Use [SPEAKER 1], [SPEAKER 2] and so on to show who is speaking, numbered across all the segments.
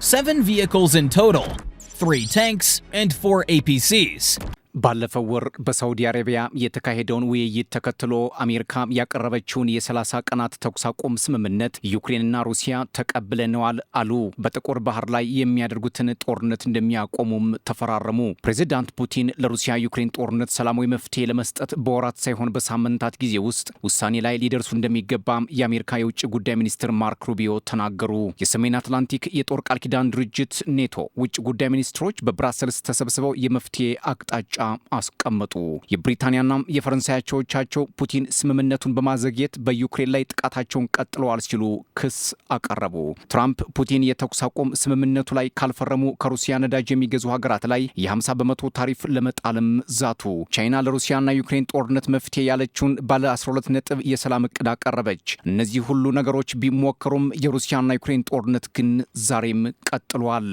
[SPEAKER 1] 7 vehicles in total, 3 tanks, and 4 APCs.
[SPEAKER 2] ባለፈው ወር በሳውዲ አረቢያ የተካሄደውን ውይይት ተከትሎ አሜሪካ ያቀረበችውን የ30 ቀናት ተኩስ አቁም ስምምነት ዩክሬንና ሩሲያ ተቀብለነዋል አሉ። በጥቁር ባህር ላይ የሚያደርጉትን ጦርነት እንደሚያቆሙም ተፈራረሙ። ፕሬዚዳንት ፑቲን ለሩሲያ ዩክሬን ጦርነት ሰላማዊ መፍትሄ ለመስጠት በወራት ሳይሆን በሳምንታት ጊዜ ውስጥ ውሳኔ ላይ ሊደርሱ እንደሚገባም የአሜሪካ የውጭ ጉዳይ ሚኒስትር ማርክ ሩቢዮ ተናገሩ። የሰሜን አትላንቲክ የጦር ቃል ኪዳን ድርጅት ኔቶ ውጭ ጉዳይ ሚኒስትሮች በብራሰልስ ተሰብስበው የመፍትሄ አቅጣጫ አስቀመጡ። የብሪታንያና የፈረንሳይ አቻዎቻቸው ፑቲን ስምምነቱን በማዘግየት በዩክሬን ላይ ጥቃታቸውን ቀጥለዋል ሲሉ ክስ አቀረቡ። ትራምፕ ፑቲን የተኩስ አቁም ስምምነቱ ላይ ካልፈረሙ ከሩሲያ ነዳጅ የሚገዙ ሀገራት ላይ የ50 በመቶ ታሪፍ ለመጣልም ዛቱ። ቻይና ለሩሲያና ዩክሬን ጦርነት መፍትሄ ያለችውን ባለ 12 ነጥብ የሰላም እቅድ አቀረበች። እነዚህ ሁሉ ነገሮች ቢሞከሩም የሩሲያና ዩክሬን ጦርነት ግን ዛሬም ቀጥሏል።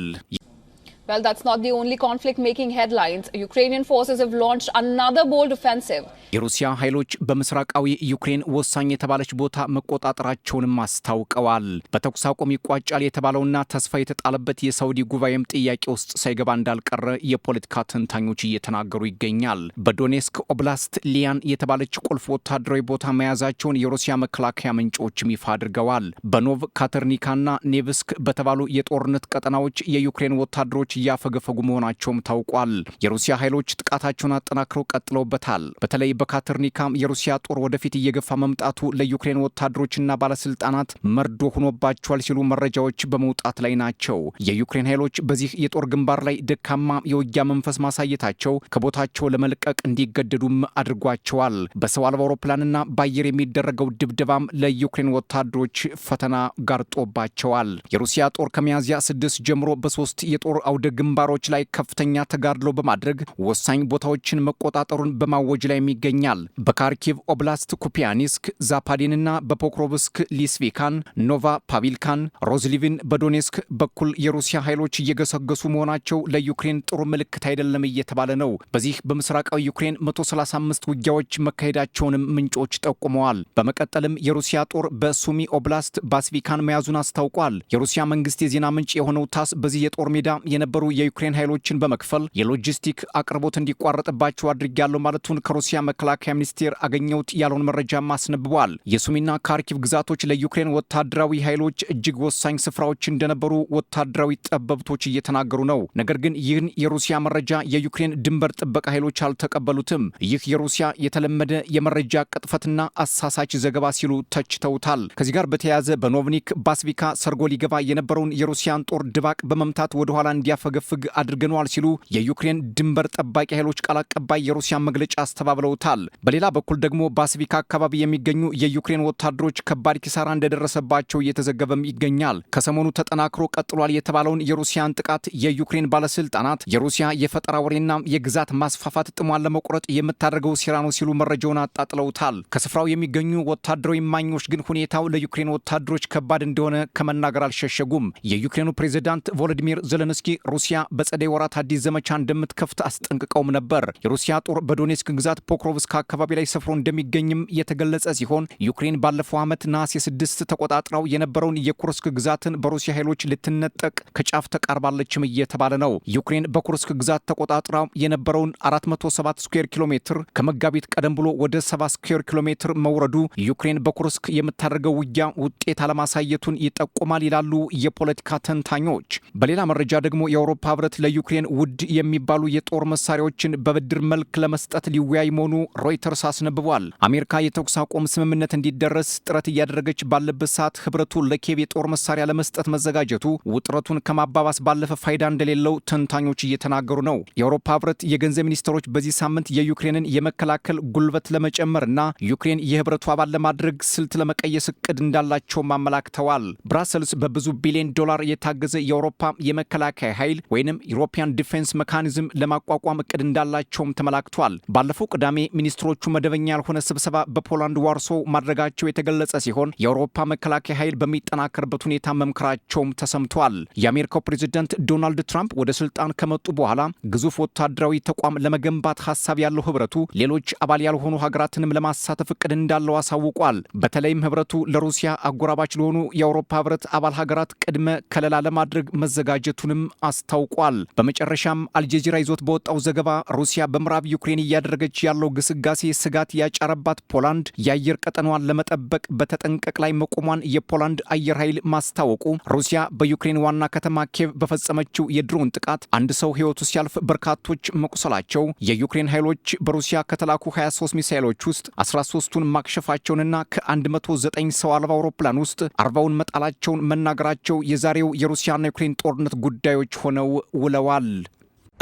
[SPEAKER 3] Well, that's not the only conflict making headlines. Ukrainian forces have launched another bold offensive.
[SPEAKER 2] የሩሲያ ኃይሎች በምስራቃዊ ዩክሬን ወሳኝ የተባለች ቦታ መቆጣጠራቸውንም አስታውቀዋል። በተኩስ አቁም ይቋጫል የተባለውና ተስፋ የተጣለበት የሳውዲ ጉባኤም ጥያቄ ውስጥ ሳይገባ እንዳልቀረ የፖለቲካ ተንታኞች እየተናገሩ ይገኛል። በዶኔስክ ኦብላስት ሊያን የተባለች ቁልፍ ወታደራዊ ቦታ መያዛቸውን የሩሲያ መከላከያ ምንጮችም ይፋ አድርገዋል። በኖቭ ካተርኒካና ኔቭስክ በተባሉ የጦርነት ቀጠናዎች የዩክሬን ወታደሮች እያፈገፈጉ መሆናቸውም ታውቋል። የሩሲያ ኃይሎች ጥቃታቸውን አጠናክረው ቀጥለውበታል። በተለይ በካተርኒካም የሩሲያ ጦር ወደፊት እየገፋ መምጣቱ ለዩክሬን ወታደሮችና ባለስልጣናት መርዶ ሆኖባቸዋል ሲሉ መረጃዎች በመውጣት ላይ ናቸው። የዩክሬን ኃይሎች በዚህ የጦር ግንባር ላይ ደካማ የውጊያ መንፈስ ማሳየታቸው ከቦታቸው ለመልቀቅ እንዲገደዱም አድርጓቸዋል። በሰው አልባ አውሮፕላንና በአየር የሚደረገው ድብደባም ለዩክሬን ወታደሮች ፈተና ጋርጦባቸዋል። የሩሲያ ጦር ከሚያዝያ ስድስት ጀምሮ በሶስት የጦር አውደ በወደ ግንባሮች ላይ ከፍተኛ ተጋድሎ በማድረግ ወሳኝ ቦታዎችን መቆጣጠሩን በማወጅ ላይ ይገኛል። በካርኪቭ ኦብላስት ኩፒያኒስክ፣ ዛፓዴንና በፖክሮቭስክ ሊስቪካን፣ ኖቫ ፓቪልካን፣ ሮዝሊቪን በዶኔስክ በኩል የሩሲያ ኃይሎች እየገሰገሱ መሆናቸው ለዩክሬን ጥሩ ምልክት አይደለም እየተባለ ነው። በዚህ በምስራቃዊ ዩክሬን 135 ውጊያዎች መካሄዳቸውንም ምንጮች ጠቁመዋል። በመቀጠልም የሩሲያ ጦር በሱሚ ኦብላስት ባስቪካን መያዙን አስታውቋል። የሩሲያ መንግስት የዜና ምንጭ የሆነው ታስ በዚህ የጦር ሜዳ የነበ የነበሩ የዩክሬን ኃይሎችን በመክፈል የሎጂስቲክ አቅርቦት እንዲቋረጥባቸው አድርጊያለሁ ማለቱን ከሩሲያ መከላከያ ሚኒስቴር አገኘሁት ያለውን መረጃም አስነብቧል። የሱሚና ካርኪቭ ግዛቶች ለዩክሬን ወታደራዊ ኃይሎች እጅግ ወሳኝ ስፍራዎች እንደነበሩ ወታደራዊ ጠበብቶች እየተናገሩ ነው። ነገር ግን ይህን የሩሲያ መረጃ የዩክሬን ድንበር ጥበቃ ኃይሎች አልተቀበሉትም። ይህ የሩሲያ የተለመደ የመረጃ ቅጥፈትና አሳሳች ዘገባ ሲሉ ተችተውታል። ከዚህ ጋር በተያያዘ በኖቭኒክ ባስቪካ ሰርጎ ሊገባ የነበረውን የሩሲያን ጦር ድባቅ በመምታት ወደኋላ እንዲያፈ የሚያፈገፍግ አድርገነዋል ሲሉ የዩክሬን ድንበር ጠባቂ ኃይሎች ቃል አቀባይ የሩሲያ መግለጫ አስተባብለውታል። በሌላ በኩል ደግሞ በአስቪካ አካባቢ የሚገኙ የዩክሬን ወታደሮች ከባድ ኪሳራ እንደደረሰባቸው እየተዘገበም ይገኛል። ከሰሞኑ ተጠናክሮ ቀጥሏል የተባለውን የሩሲያን ጥቃት የዩክሬን ባለስልጣናት የሩሲያ የፈጠራ ወሬና የግዛት ማስፋፋት ጥሟን ለመቁረጥ የምታደርገው ሴራ ነው ሲሉ መረጃውን አጣጥለውታል። ከስፍራው የሚገኙ ወታደራዊ ማኞች ግን ሁኔታው ለዩክሬን ወታደሮች ከባድ እንደሆነ ከመናገር አልሸሸጉም። የዩክሬኑ ፕሬዚዳንት ቮሎዲሚር ዘለንስኪ ሩሲያ በጸደይ ወራት አዲስ ዘመቻ እንደምትከፍት አስጠንቅቀውም ነበር። የሩሲያ ጦር በዶኔስክ ግዛት ፖክሮቭስክ አካባቢ ላይ ሰፍሮ እንደሚገኝም የተገለጸ ሲሆን ዩክሬን ባለፈው ዓመት ነሐሴ ስድስት ተቆጣጥረው የነበረውን የኩርስክ ግዛትን በሩሲያ ኃይሎች ልትነጠቅ ከጫፍ ተቃርባለችም እየተባለ ነው። ዩክሬን በኩርስክ ግዛት ተቆጣጥረው የነበረውን 407 ስኩዌር ኪሎ ሜትር ከመጋቢት ቀደም ብሎ ወደ 70 ስኩዌር ኪሎ ሜትር መውረዱ ዩክሬን በኩርስክ የምታደርገው ውጊያ ውጤት አለማሳየቱን ይጠቁማል ይላሉ የፖለቲካ ተንታኞች። በሌላ መረጃ ደግሞ የአውሮፓ ህብረት ለዩክሬን ውድ የሚባሉ የጦር መሳሪያዎችን በብድር መልክ ለመስጠት ሊወያይ መሆኑ ሮይተርስ አስነብቧል። አሜሪካ የተኩስ አቁም ስምምነት እንዲደረስ ጥረት እያደረገች ባለበት ሰዓት ህብረቱ ለኬቭ የጦር መሳሪያ ለመስጠት መዘጋጀቱ ውጥረቱን ከማባባስ ባለፈ ፋይዳ እንደሌለው ተንታኞች እየተናገሩ ነው። የአውሮፓ ህብረት የገንዘብ ሚኒስትሮች በዚህ ሳምንት የዩክሬንን የመከላከል ጉልበት ለመጨመር እና ዩክሬን የህብረቱ አባል ለማድረግ ስልት ለመቀየስ እቅድ እንዳላቸውም አመላክተዋል። ብራሰልስ በብዙ ቢሊዮን ዶላር የታገዘ የአውሮፓ የመከላከያ ኃይል ኃይል ወይንም ዩሮፒያን ዲፌንስ መካኒዝም ለማቋቋም እቅድ እንዳላቸውም ተመላክቷል። ባለፈው ቅዳሜ ሚኒስትሮቹ መደበኛ ያልሆነ ስብሰባ በፖላንድ ዋርሶ ማድረጋቸው የተገለጸ ሲሆን የአውሮፓ መከላከያ ኃይል በሚጠናከርበት ሁኔታ መምከራቸውም ተሰምቷል። የአሜሪካው ፕሬዚደንት ዶናልድ ትራምፕ ወደ ስልጣን ከመጡ በኋላ ግዙፍ ወታደራዊ ተቋም ለመገንባት ሀሳብ ያለው ህብረቱ ሌሎች አባል ያልሆኑ ሀገራትንም ለማሳተፍ እቅድ እንዳለው አሳውቋል። በተለይም ህብረቱ ለሩሲያ አጎራባች ለሆኑ የአውሮፓ ህብረት አባል ሀገራት ቅድመ ከለላ ለማድረግ መዘጋጀቱንም አስታውቋል። በመጨረሻም አልጀዚራ ይዞት በወጣው ዘገባ ሩሲያ በምዕራብ ዩክሬን እያደረገች ያለው ግስጋሴ ስጋት ያጫረባት ፖላንድ የአየር ቀጠኗን ለመጠበቅ በተጠንቀቅ ላይ መቆሟን የፖላንድ አየር ኃይል ማስታወቁ፣ ሩሲያ በዩክሬን ዋና ከተማ ኬቭ በፈጸመችው የድሮን ጥቃት አንድ ሰው ሕይወቱ ሲያልፍ በርካቶች መቁሰላቸው፣ የዩክሬን ኃይሎች በሩሲያ ከተላኩ 23 ሚሳይሎች ውስጥ 13ቱን ማክሸፋቸውንና ከ109 ሰው አልባ አውሮፕላን ውስጥ አርባውን መጣላቸውን መናገራቸው የዛሬው የሩሲያና ዩክሬን ጦርነት ጉዳዮች ሆነው ውለዋል። oh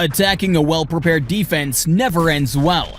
[SPEAKER 1] Attacking a well-prepared defense never ends well.